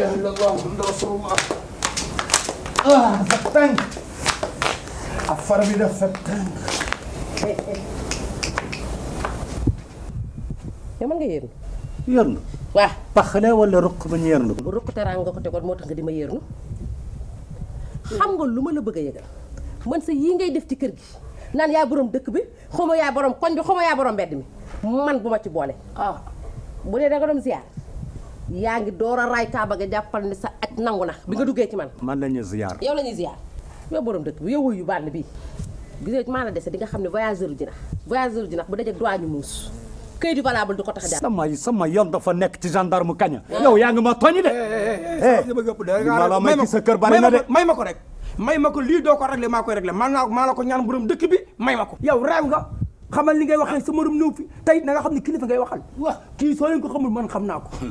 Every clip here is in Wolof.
ilaha illallah muhammadu rasulullah ah dafa tàng affaire ah, bi man nga yéer. yéer na. waaw pax la ruq ba ñu yéer na ko. ruq teraanga nga ko tegoon moo tax nga di ma yéer na xam nga lu ma la bëgg a yëgal man sa yii ngay def ci kër gi naan yaa borom dëkk bi xaw ma yaa borom koñ bi xaw ma yaa borom mbedd mi man bu ma ci boole. ah bu dee da nga doon yaa ngi door a raay kaaba ga jàppal ni sa aj nangu na bi nga duggee ci man. man la ñuy ziar. yow la ñuy ziar yow borom dëkk bi yow wuyu bàll bi gisee di nga xam ne voyageur ji na voyageur ji na bu dajee droit ñu muus. këyit yu valable du ko tax a jaar. sama sama yoon dafa nekk ci gendarme ah. ma tooñ de. Eh, eh, eh, ma may ma sa kër bari na may ma ko rek. may ma ko lii doo ko réglé maa koy réglé maa naa maa ko ñaan borom dëkk bi may ma ko. yow réew nga xamal li ngay waxee sa morom néew fi tey na nga xam ne kilifa ngay waxal. waaw kii soo leen ko man xam naa ko.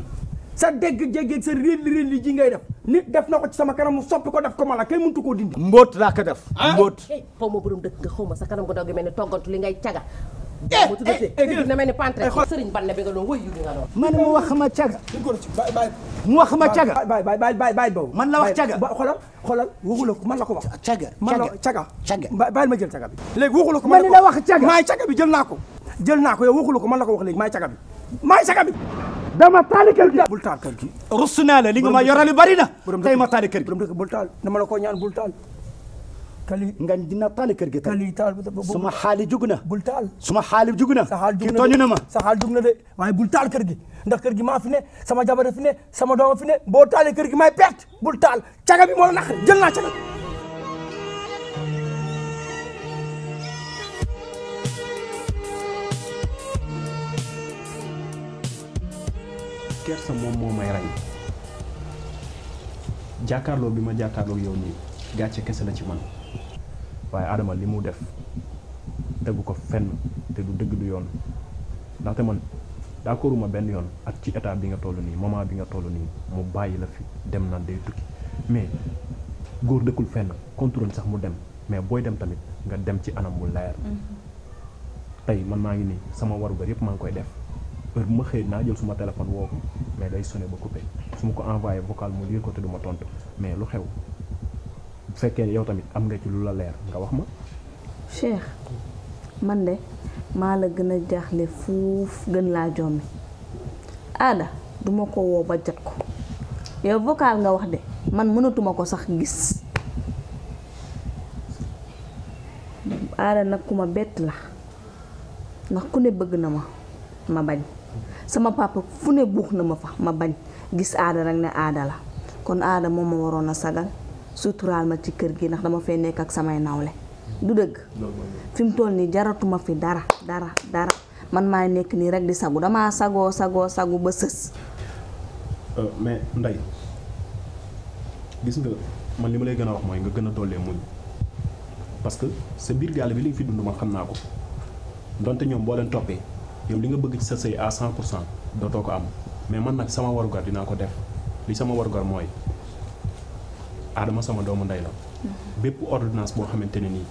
sa dégg jéggeeg sa réel réel li ji ngay def nit def na ko ci sama kanam mu soppi ko def ko mala kay koo dindi mbóot laa ko def ah. mbóot xaw eh, xaw ma sa kanam ko daw gi mel ne toggantu li ngay caga eh, ma tuddee eh, kër na mel ni pantre sëriñ ban bi nga doon wëy yu nga doon man mu wax ma caga mu wax ma caga bay bay bay bay bay boobu man la xoolal xoolal ko man la ko wax caga man la caga caga bàyyi ma jël caga bi léegi waxu la ko man la wax caga maay bi jël naa ko jël naa ko yow waxu la ko man la ko wax léegi maay caga bi maay caga bi dama taali kër gi. bul taal kër gi. rusu naa la li nga ma yorali bari na. tey ma taali kër gi bul taal dama la ko ñaan bul taal. kali dina taali kër gi. kali taal suma xaali jug na. bul taal suma xaali jug na. sa xaal jug na de kii tooñu na ma. sa xaal jug na de waaye bul taal kër gi nda kër gi maa fi ne sama jabar fi ne sama doom fi ne boo taalee kër gi may perte bul taal caga bi moo la naqari jël naa caga sa moom moo may rey jàkkaarloo bi ma jàkkaarloo yow nii gàcce kese la ci man waaye Adama li mu def tegu ko fenn te du dëgg du yoon ndaxte man d'accorduma benn yoon ak ci état bi nga toll nii moment bi nga toll nii mu bàyyi la fi dem na day tukki mais góor dëkkul fenn contrôle sax mu dem mais booy dem tamit nga dem ci anam bu leer. Mm-hmm. tey man maa ngi nii sama warugar yëpp maa ngi koy def. heure bu ma xëy naa jël suma téléphone woo mais day sonné ba coupé su ma ko envoyé vocal mu lire ko te du tontu mais lu xew bu fekkee yow tamit am nga ci lu la leer nga wax ma. Cheikh man de maa la gën a jaaxle fuuf gën laa jommi aada duma ko woo ba jot ko yow vocal nga wax de man mënatuma ko sax gis aada nag ku ma bett la ndax ku ne bëgg na ma ma bañ sama papa fune ne na ma fa ma bañ gis aada rek na aada la kon aada moom ma waroon sagal suturaal ma ci kër gi nak dama fe nek ak samay nawle du deug fim mu toll nii jaratuma fi dara dara dara man maa nek ni rek di sagu dama sago sago sagu ba seus euh mais nday gis nga man li gëna wax moy nga gëna a dollee muñ parce que sa bir gaal bi li fi dund man xam ko donte ñom bo leen topé yow li nga bëgg ci sa sëy à 100 pour cent dootoo ko am mais man nag sama wargar dinaa ko def li sama wargar mooy aadama sama doomu ndey la mm-hmm. bépp ordonnance boo xamante ne nii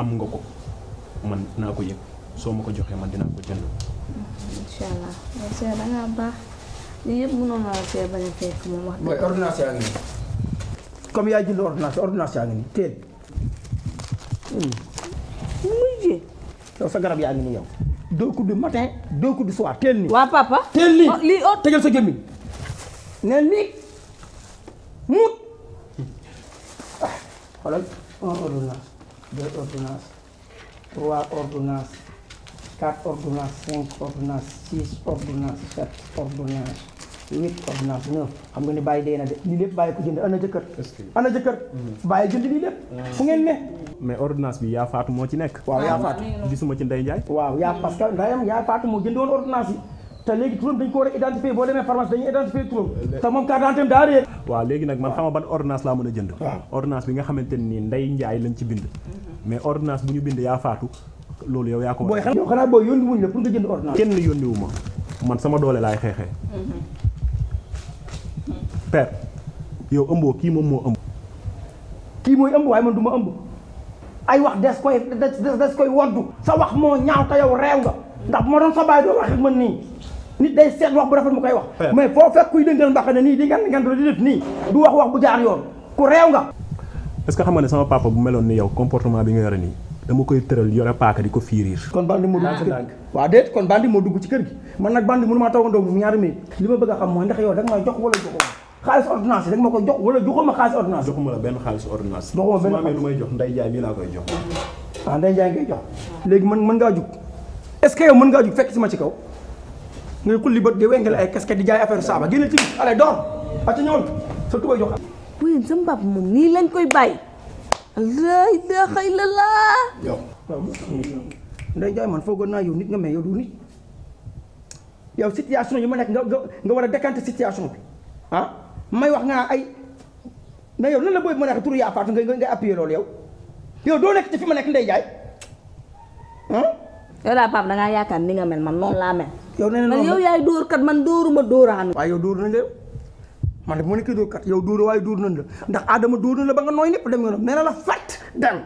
am nga ko man naa ko yëg soo ma ko joxee man dinaa ko jënd mm-hmm. incha mooy ordonnance yaa ngi nii comme yaa jënd ordonnance ordonnance yaa ngi nii teel mm. muy jee yow sa deux coups du matin deux coups du soir teel nii. waaw papa teel nii oh, lii ot oh. tegal sa gémmiñ neel nii muut xoolal un deux ordonnances trois ordonnances quatre ordonnances cinq ordonnances six ordonnances sept ordonnances huit ordonnance neuf xam nga ne bàyyi na de lii lépp bàyyi ko jënd ana jëkkër ana jëkkër bàyyi jënd lii lépp ah. fu ngeen ne mais ordonnance bi yaa faatu moo ci nekk waaw yaa faatu ah, gisuma ci ndey Ndiaye waaw yaa parce que ndayam yaa faatu moo jëndoon ordonnance yi te léegi turam a identifier boo demee pharmacie dañuy identifier turam te moom carte d'identité a jënd ordonnance bi nga xamante nii Ndeye Ndiaye lañ ci bind mhm. mais ordonnance bu ñu bind yaa faatu loolu yow yaa ko. booy xanaa boo yónni wuñ la pour nga jënd ordonnance. kenn yónni man sama doole laay xeexee. Mhm. per, yow ëmboo ki mom mo ëmb ki moy ëmb way man duma ay wax des koy des des koy woddu sa wax mo ñaaw ta yow rew nga ndax mo don sa bay do wax ak man ni nit day seet wax bu rafet mu koy wax mais fo fek kuy dëngal mbaxane ni di ngand ngand di def ni du wax wax bu jaar yoon ku rew nga est ce que sama papa bu melone ni yow comportement bi nga yore ni dama koy teural yore paaka di ko fiiriir kon bandi mo dugg ci kër gi waaw kon bandi mo dugg ci kër gi man nak bandi mënu maa tawandoo mu bëgg xam mo ndax yow da nga jox wala joxo xaalis ordonnance rek ma koy jox wala joxoo ma xaalis ordonnance. joxuma la benn xaalis ordonnance. joxuma benn xaalis su ma lu may jox Ndeye Ndiaye mii laa koy jox. ah Ndeye Ndiaye ngay léegi man mën ngaa est-ce que mën ngaa jug fekk si ma ci kaw ngay xulli bët di wengale ay casquette di jaay affaire saaba génne ci biir allez door at ñëwal sa tubay jox. oui sama papa moom nii lañ koy bàyyi. la ilaha illallah. yow Ndeye Ndiaye man foogoon naa yow nit nga mais yow du nit yow situation yi ma nekk nga nga war a décanter situation bi ah. may wax nga ay na yow lan la boy mo nek turu ya faatu nga nga appuyer lol yow yow do nek ci fi ma nekk ndey hein yow la pap da nga yaakaar ni nga mel man non la mel. yow ne na yow yay dor kat man doruma doran waaye yow dor na la man de bu ma nekkee kat yow dor way dor na la ndax Adama dor na la ba nga noy nepp dem nga noonu la fat dem.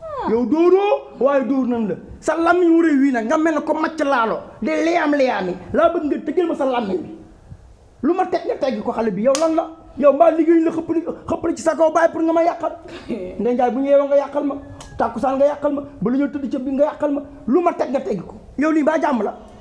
Ah. yow doro way dor na la sa lammi wure wi nak nga mel ko macc laalo de liam liami la bëgg nga tëjal ma sa lammi lu ma teg nga teggi ko xale bi yow lan la yow mbaa liggéey la xëppali xëppali ci sa kaw bàyyi pour nga ma takusan ndey njaay bu ñu nga yàqal ma tàkkusaan nga yàqal ma ba lu ci bi nga ma lu ma teg nga teggi ko yow la